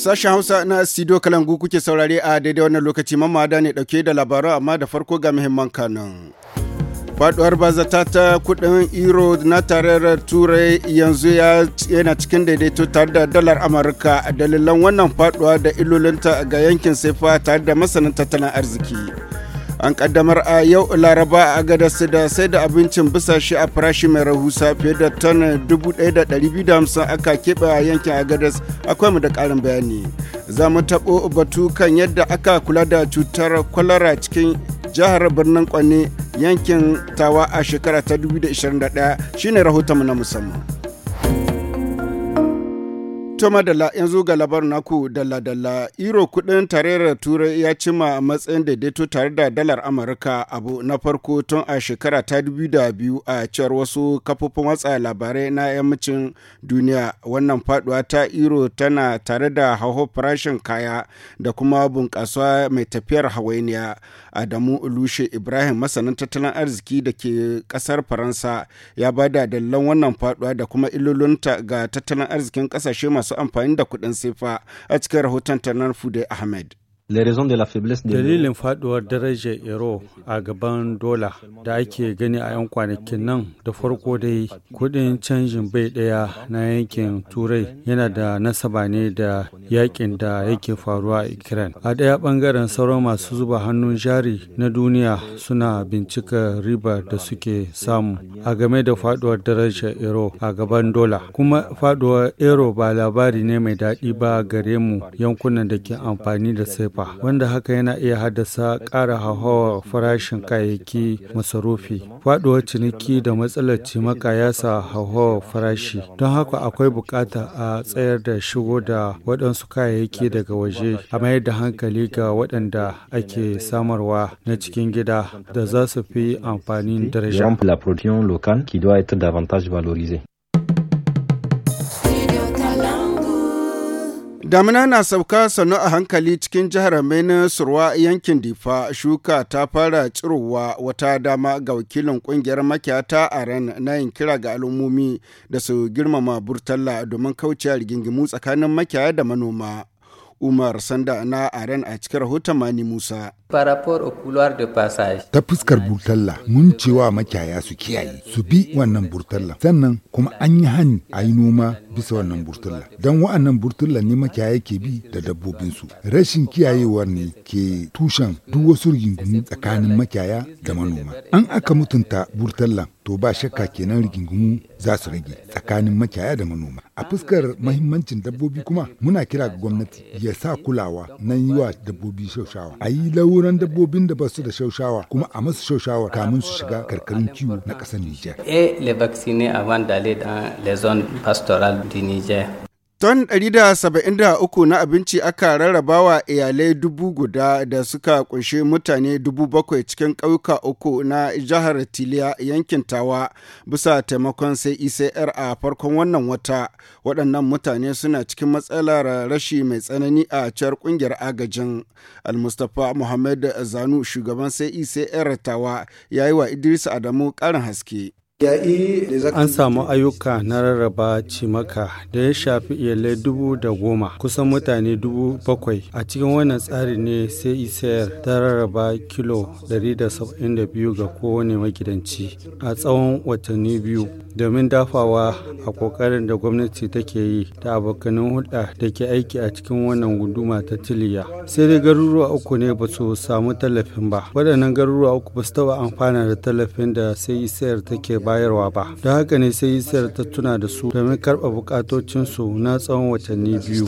Sashen Hausa na Studio Kalangu kuke saurare a daidai wannan lokaci mamada ne dauke da labaran amma da farko ga muhimman kanun. Faduwar bazata ta kudin euro na tarayyar turai yanzu ya yana cikin daidaito tare da dalar Amurka dalilan wannan faduwa da illolinta ga yankin sefa tare da masanin tattalin arziki. an kaddamar a yau laraba a gadas da sai da abincin bisa shi a farashi mai rahusa fiye da ton 1,250 aka keɓe a yankin a gadas akwai mu da ƙarin bayani za mu taɓo batu kan yadda aka kula da cutar kwalara cikin jihar birnin kwanne yankin tawa a shekara ta 2021 shine rahoton mu na musamman To madalla yanzu ga labar naku dalla-dalla iro kudin tarayyar turai ya cima matsayin daidaito tare da dalar amurka abu na farko tun a shekara ta da biyu a cewar wasu kafofin watsa labarai na yammacin duniya wannan faduwa ta iro tana tare da hauhau farashin kaya da kuma bunkasa mai tafiyar hawainiya adamu lushe ibrahim masanin tattalin arziki da ke kasar faransa ya bada dalilan wannan faduwa da kuma illolinta ga tattalin arzikin kasashe masu masu amfani da kuɗin sefa a cikin rahoton Tanar Fude Ahmed. Dalilin faduwar darajar euro a gaban dola da ake gani a 'yan kwanakin nan da farko dai kudin canjin bai daya na yankin turai yana da nasaba ne da yakin da yake faruwa a Ukraine. A daya bangaren sauran masu zuba hannun jari na duniya suna bincika riba da suke samu a game da faduwar darajar euro a gaban dola. Kuma faduwar euro ba labari ne mai daɗi ba gare mu yankunan da ke amfani da sai wanda haka yana iya haddasa ƙara hauhawar farashin kayayyaki masarufi. Faɗuwar ciniki da matsalar cimaka ya sa hauhawar farashi. Don haka akwai bukata a tsayar da shigo da waɗansu kayayyaki daga waje a mayar da hankali ga waɗanda ake samarwa na cikin gida da za su fi amfani da rashin. Damina na sauka sannu a hankali cikin jihar Benin Surwa yankin Difa shuka ta fara tsirowa wata dama ga wakilin kungiyar makiyata ta ran na yin kira ga al'ummomi da su girmama burtalla domin kaucewa rigingimu tsakanin makiyaya da manoma. Umar Sanda na aran a cikin rahoton Mani Musa. de Ta fuskar burtalla mun ce wa makiyaya su kiyaye su bi wannan burtalla sannan kuma an yi hani a yi noma bisa wannan burtalla don wa'annan burtalla ne makiyaya ke bi da dabbobinsu rashin kiyayewar ne ke tushen duk wasu rigingimu tsakanin makiyaya da manoma an aka mutunta burtalla to ba shakka kenan rigingimu za su rage tsakanin makiyaya da manoma a fuskar mahimmancin dabbobi kuma muna kira ga gwamnati ya sa kulawa nan yi wa dabbobi shaushawa a yi sauran dabbobin da ba su da shaushawa kuma a masu shaushawa kamun su shiga karkarin kiwo na ƙasar Niger. e le vaccine avant d'aller dans les zones pastorales du Niger. Ton 173 na abinci aka rarraba wa iyalai dubu guda da suka kunshi mutane dubu bakwai cikin ƙauyuka uku na jihar Tiliya yankin Tawa bisa taimakon sai ICR e a farkon wannan wata. Waɗannan mutane suna cikin matsalar rashi mai tsanani a ciyar ƙungiyar agajin. Al-Mustapha Muhammad Zanu shugaban sai ICR e Tawa ya yi wa Idris Adamu ƙarin haske. An samu ayyuka na rarraba cimaka da ya shafi iyalai dubu da goma kusan mutane dubu bakwai a cikin wannan tsari ne sai isayar ta rarraba kilo 172 ga kowane magidanci a tsawon watanni biyu domin dafawa a kokarin da gwamnati take yi da abokanin hulɗa da ke aiki a cikin wannan gunduma ta tiliya sai dai garuruwa uku ne ba su samu tallafin ba waɗannan garuruwa uku ba su taɓa amfana da tallafin da sai isayar take ba bayarwa ba don haka ne sai isar ta tuna da su domin karɓa bukatocinsu na tsawon watanni biyu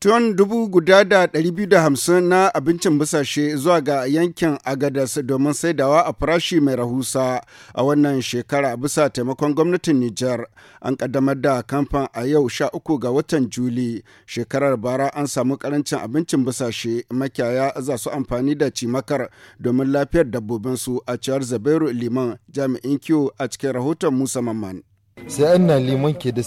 Tun dubu guda da ɗari biyu da hamsin na abincin busashe zuwa ga yankin Agadas domin saidawa a farashi mai rahusa a wannan shekara bisa taimakon gwamnatin Nijar. An kaddamar da kamfan a yau sha uku ga watan Juli. Shekarar bara an samu karancin abincin busashe makiyaya za su amfani da cimakar domin lafiyar dabbobinsu a ciyar Zabairu Liman jami'in kiwo a cikin rahoton Musa Mamman. na ke da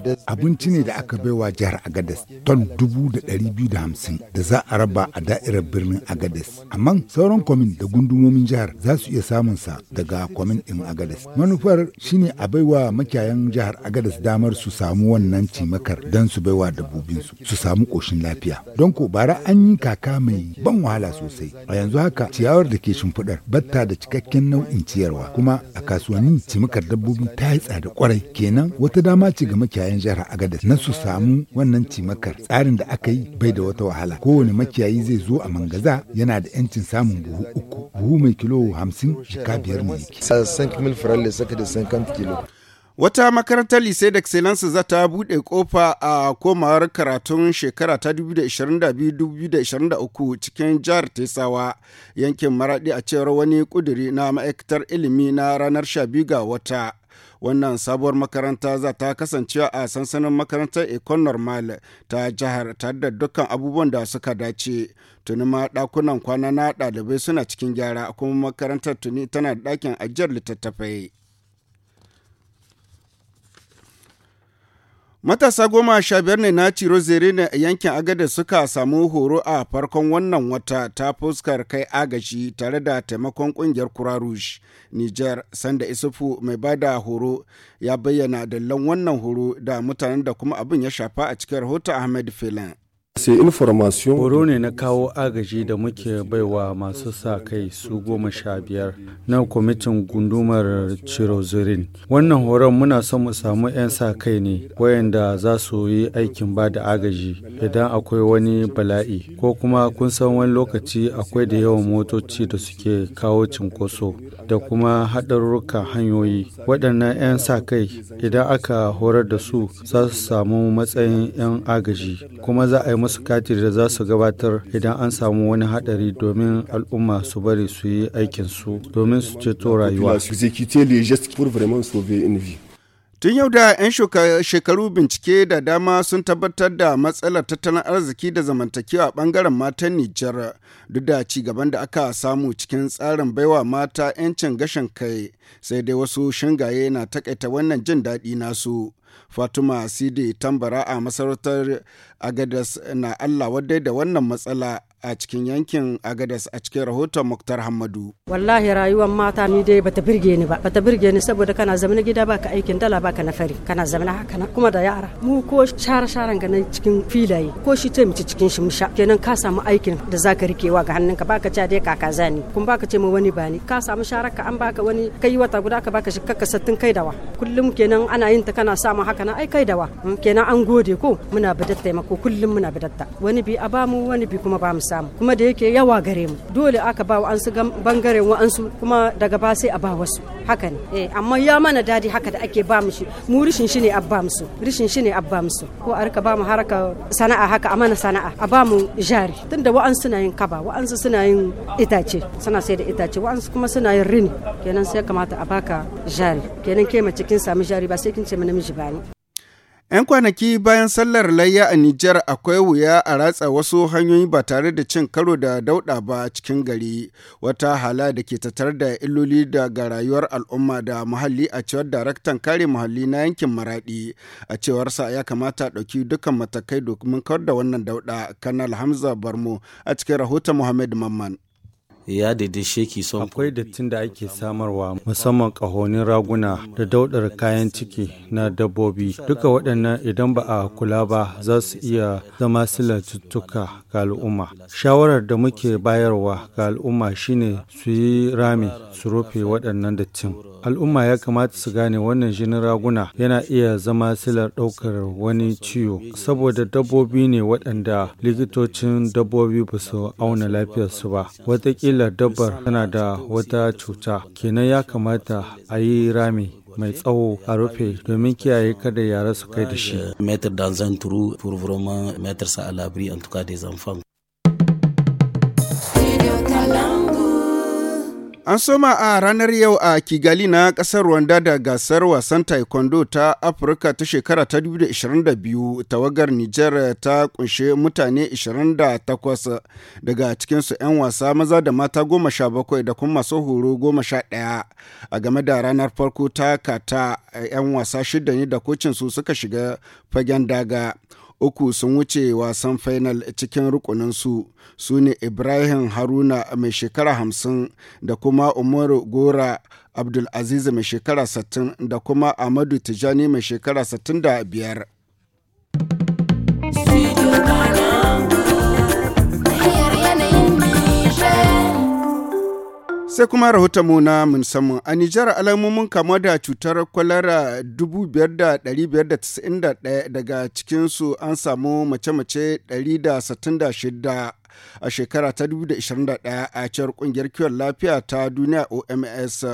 da a Abinci ne da aka baiwa jihar agadas ton 250 da da hamsin za a raba a da'irar birnin agadas Amma sauran kwamin da gundumomin jihar za su iya samun sa daga kwamin ɗin agadas. Manufar shine a baiwa makiyayan jihar agadas damar su samu wannan cimakar don su baiwa dabbobin su su samu koshin lafiya. Don ko bara an yi kaka mai ban wahala sosai. A yanzu haka ciyawar da ke shimfiɗar batta da cikakken nau'in ciyarwa kuma a kasuwanni cimakar dabbobi ta kai tsada kwarai kenan wata dama ce ga makiyayan jihar Agadez na su samu wannan cimakar tsarin da aka yi bai da wata wahala kowane makiyayi zai zo a mangaza yana da yancin samun buhu uku buhu mai kilo hamsin jika biyar ne yake. Wata makarantar Lise da Excellence za ta buɗe ƙofa a komawar karatun shekara ta 2022-2023 cikin jihar Tesawa yankin Maraɗi a cewar wani ƙuduri na ma'aikatar ilimi na ranar 12 ga wata. wannan sabuwar makaranta za ta kasance a sansanin makarantar econ normal ta jihar tare da dukkan abubuwan da suka dace tuni ma ɗakunan kwana na ɗalibai suna cikin gyara kuma makarantar tuni tana da ɗakin ajiyar littattafai Matasa goma sha biyar ne na Ciro Zerina a yankin Agada suka samu horo a farkon wannan wata ta fuskar kai agashi tare da taimakon kungiyar Kurarush. Niger, Sanda Isufu mai bada horo ya bayyana dallon wannan horo da mutanen da kuma abin ya shafa a cikin rahoton Ahmed Filan. sai Horo ne na kawo agaji da muke baiwa masu sa kai su goma sha biyar na kwamitin gundumar Cirozirin. Wannan horon muna son mu samu 'yan sa kai ne wayanda za su yi aikin ba da agaji idan akwai wani bala'i ko kuma kun san wani lokaci akwai da yawan motoci da suke kawo cinkoso da kuma haɗarurruka hanyoyi. Waɗannan 'yan sa kai idan aka horar da su za su samu matsayin 'yan agaji kuma za a yi musu katin da za su gabatar idan an samu wani haɗari domin al'umma su bari su yi aikinsu domin su ceto rayuwa. Tun yau da 'yan shekaru bincike da dama sun tabbatar da matsalar tattalin arziki da zamantakewa a bangaren matan Nijar duk da ci gaban da aka samu cikin tsarin baiwa mata 'yancin gashin kai sai dai wasu shingaye na takaita wannan jin daɗi nasu. fatima Sidi Tambara a masarautar Agadas na Allah wadai da wannan matsala a cikin yankin agadas a cikin rahoton muktar hamadu wallahi rayuwar mata ni dai bata birge ni ba bata birge ni saboda kana zama gida baka aikin dala baka na fari kana zama haka na kuma da yara mu ko share sharan ganin cikin filaye ko shi ce mace cikin shi musha kenan ka samu aikin da zaka rikewa ga hannunka baka ce dai kaka zani kun baka ce mu wani bani ka samu ka an baka wani kai wata guda ka baka shikka sattin kai dawa kullum kenan ana yin ta kana samu haka na ai kai dawa kenan an gode ko muna bidatta mako kullum muna bidatta wani bi a bamu wani bi kuma bamu samu kuma da yake yawa gare mu dole aka ba wa'ansu bangaren wa'ansu kuma daga ba sai a ba wasu haka ne eh amma ya mana dadi haka da ake ba mu shi mu rishin shi ne abba musu rishin shi ne abba musu ko a rika ba mu haraka sana'a haka a mana sana'a a ba mu jari tunda wa'ansu na yin kaba wa'ansu suna yin itace suna sai da itace wa'ansu kuma suna yin rini kenan sai kamata a baka jari kenan ke mace kin samu jari ba sai kin ce namiji ba ne 'Yan kwanaki bayan sallar layya a Nijar akwai wuya a ratsa wasu hanyoyi ba tare da cin karo da dauɗa ba cikin gari, wata hala da ke tattar da illoli daga rayuwar al'umma da muhalli a cewar daraktan kare muhalli na yankin Maraɗi. A cewarsa ya kamata a ɗauki dukkan matakai domin kawar da wannan dauɗa, Kanal Hamza Barmo a cikin rahoton Muhammad Mamman. ya daidai sheki son akwai dattin da ake samarwa musamman kahonin raguna da daudar kayan ciki na dabbobi duka waɗannan idan ba a kula ba za su iya zama silar cututtuka ga al'umma shawarar da muke bayarwa ga al'umma shine su yi rami su rufe waɗannan dattin Al'umma ya kamata su gane wannan jinin raguna yana iya zama silar ɗaukar wani ciwo saboda dabbobi ne waɗanda likitocin dabbobi ba su auna su ba. watakila dabbar tana da wata cuta, kenan ya kamata a yi rami mai tsawo a rufe domin kiyaye kada yara su kai da shi. An soma a ranar yau a Kigali na ƙasar Rwanda da gasar wasan taekwondo ta Afirka ta shekara ta 2022 tawagar Nijar ta kunshe mutane 28 daga cikinsu 'yan wasa maza da mata 17 da kuma masu horo 11 a game da ranar farko ta kata 'yan wasa shida ne da kocinsu suka shiga fagen daga. uku sun wuce wasan final cikin rukuninsu su ne ibrahim haruna mai shekara hamsin da kuma umaru gora abdulaziz mai shekara 60 da kuma amadu tijani mai shekara 65 sai kuma rahoton mu na musamman a nijar alamomin kama da cutar kwalara 5,591 daga cikinsu an samu mace-mace 166 a shekara ta 2021 a cewar kungiyar kiwon lafiya ta duniya oms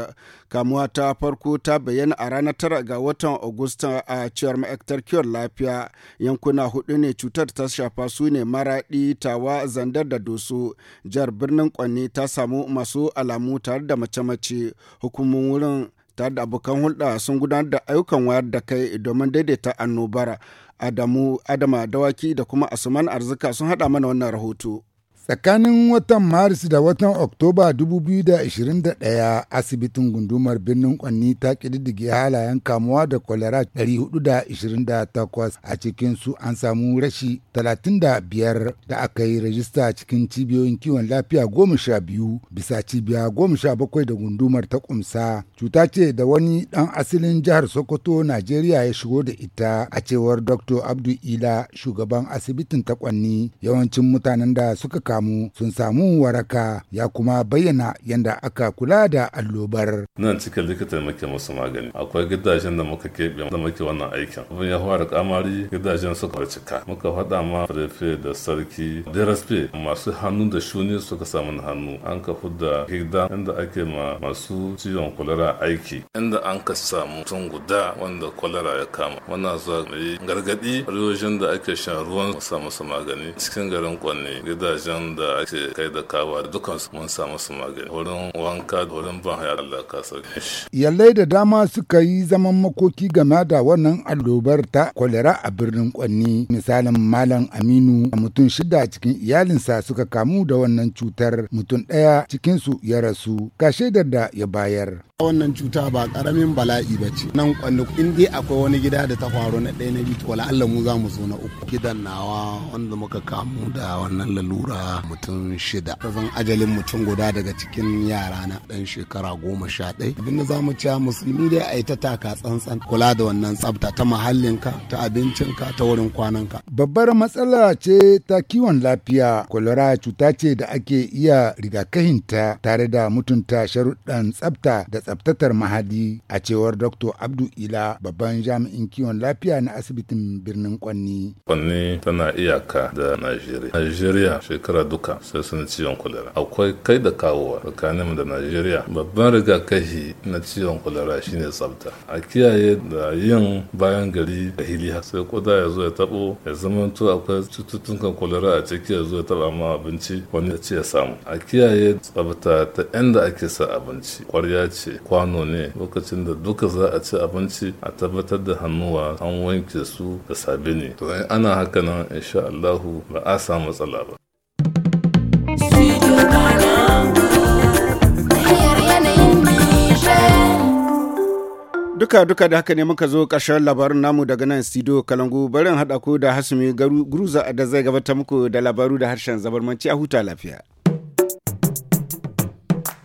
kamuwa ta farko ta bayyana a ranar tara ga watan agusta a cewar ma'aikatar kiwon lafiya yankuna hudu ne cutar ta shafa su ne maraɗi tawa zandar da doso Jar birnin kwanne ta samu masu alamu tare da mace-mace hukumomin wurin tare da abokan hulɗa sun gudanar da ayyukan wayar da kai domin daidaita annobara adamu adama dawaki da kuma asuman arzika sun haɗa mana wannan rahoto. Tsakanin watan Maris da watan Oktoba 2021 asibitin gundumar birnin Kwanni ta kididdige halayen kamuwa da kwalera 428 a cikinsu an samu rashi 35 da aka yi rajista cikin cibiyoyin kiwon lafiya 12 bisa cibiya 17 da gundumar ta kumsa. Cuta ce da wani ɗan asalin jihar Sokoto, Najeriya ya shigo da ita a cewar Dr. Abdu Ila shugaban asibitin ta Kwanni yawancin mutanen da suka kamu sun samu waraka ya kuma bayyana yadda aka kula da allobar. Nan cikin likita muke musu magani. Akwai gidajen da muka keɓe da muke wannan aikin. Abin ya fara kamari gidajen suka cika. Muka faɗa ma farfe da sarki DRSP masu hannu da shuni suka samu hannu. An ka da gida inda ake ma masu ciwon kwalara aiki. Inda an ka samu tun guda wanda kwalara ya kama. Muna zuwa mai gargaɗi riyojin da ake shan ruwan samu su magani. Cikin garin kwanne gidajen da ake kai da kawa su mun samu su magani wurin wanka wurin ban haya Allah ka Yallai da dama suka yi zaman makoki game da wannan allobar ta kwalera a birnin Kwanni misalin Malam Aminu a mutum shida cikin iyalinsa suka kamu da wannan cutar mutum ɗaya cikinsu ya rasu ga shaidar da ya bayar. wannan cuta ba karamin bala'i ba ce nan kwanda in dai akwai wani gida da ta faru na ɗaya na biyu to Allah mu za mu zo na uku gidan nawa wanda muka kamu da wannan lalura mutum shida zan ajalin mutum guda daga cikin yara na ɗan shekara goma sha ɗaya da za mu ci musulmi dai a yi ta taka tsantsan kula da wannan tsafta ta muhallinka ta abincinka ta wurin kwananka babbar matsala ce ta kiwon lafiya kwalara cuta ce da ake iya rigakahinta tare da mutunta sharuɗan tsafta da tsabtatar mahadi a cewar Dr. Abdu Ila babban jami'in kiwon lafiya na asibitin birnin Kwanni. Kwanni tana iyaka da Najeriya. Najeriya shekara duka sai sun ciwon kulera. Akwai kai da kawowa tsakanin da Najeriya. Babban rigakafi na ciwon kulera shine tsabta A kiyaye da yin bayan gari da hili sai koda ya zo ya tabo ya zama to akwai cututtukan kulera a ciki ya zo ya taba ma abinci wani ya ce ya samu. A kiyaye tsabta ta inda ake sa abinci. Kwarya ce kwano ne lokacin da duka za a ci abinci a tabbatar da hannuwa an wanke su da sabini to ana haka nan insha Allahu ba a samu matsala ba duka duka da haka ne muka zo ƙarshen labarin namu daga nan studio kalangu barin haɗa ko da hasumi guruza da zai gabatar muku da labaru da harshen zabarmanci a huta lafiya